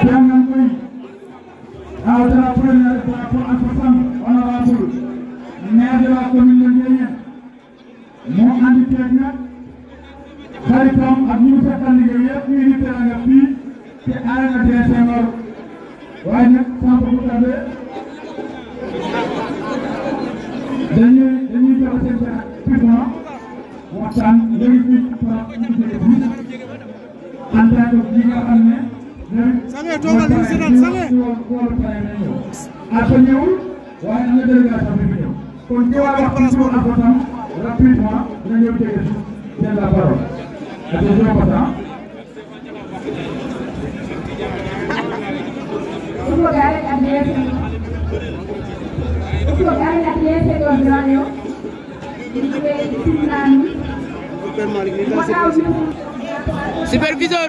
Piangankoui, à hauteur à première de la cour en honorable, maire de la commune de Nguyen, mon ami Piagna, xaritam ak ñi mu fekkal liggéey yëpp ñu ngi teranga fii te aar na dee Senghor waaye nag sans que mu tardé dañuy dañuy jox seen pigment waxtaan léegi fii ak par rapport ak en tant que ji nga xam ne sange toogal ñu seetaan sange ako ñëw waaye am na délégation bi ñëw kon ñëwaat wax place boobu ko tam rapidement dina ñëw jege jël la parole attention pata Supervisor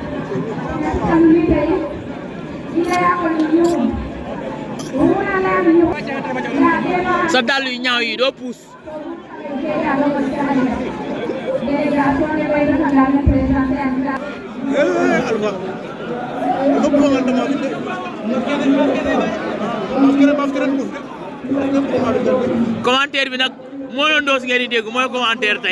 sa dàll yu a eu doo puus commentaire bi nag moo doon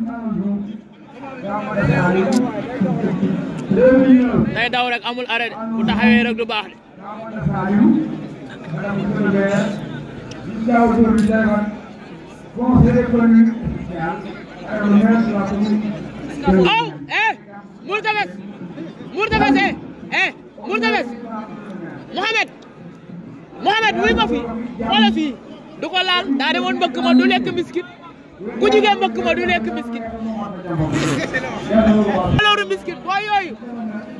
day daw rek amul arrêt bu du baax de. aw oh, eh Mourtefess Mourtefess eh eh Mourtefess Mohamed Mohamed wuy ma fi wala fii du ko laal daa demoon bëgg ma du lekk biskit ku jugee mbëkk ma du lekk biscuit valeur biscuit booy yooyu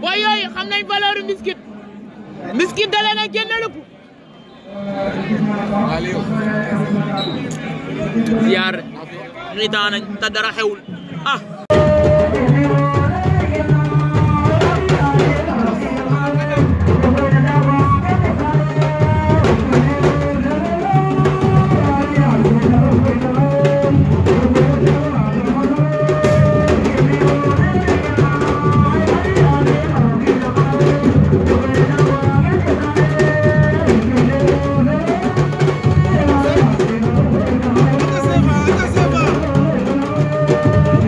booy yooyu xam nañ valeur biscuit biscuit da leen a génne lépp ziar ni daanañ te dara xewul ah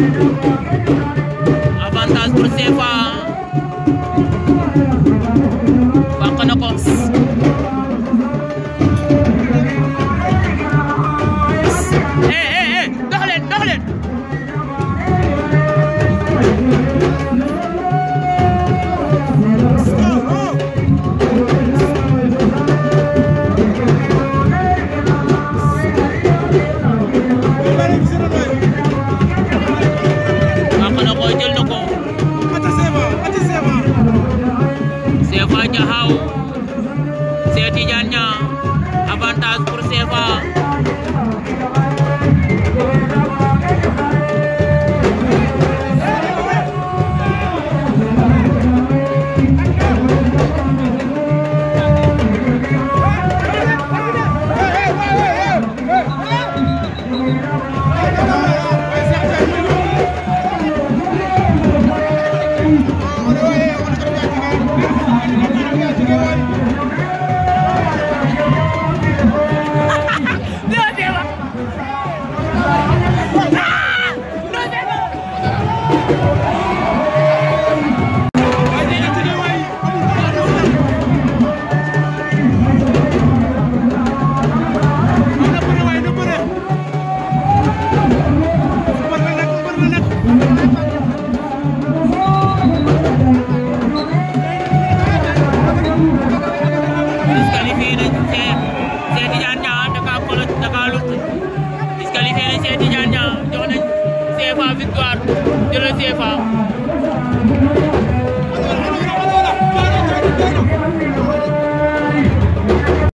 Thank you. Diaw Seti Diagne avantage pour CFA Hey, hey, Cheikh Tidiane Niang jox nañ CFA victoire de la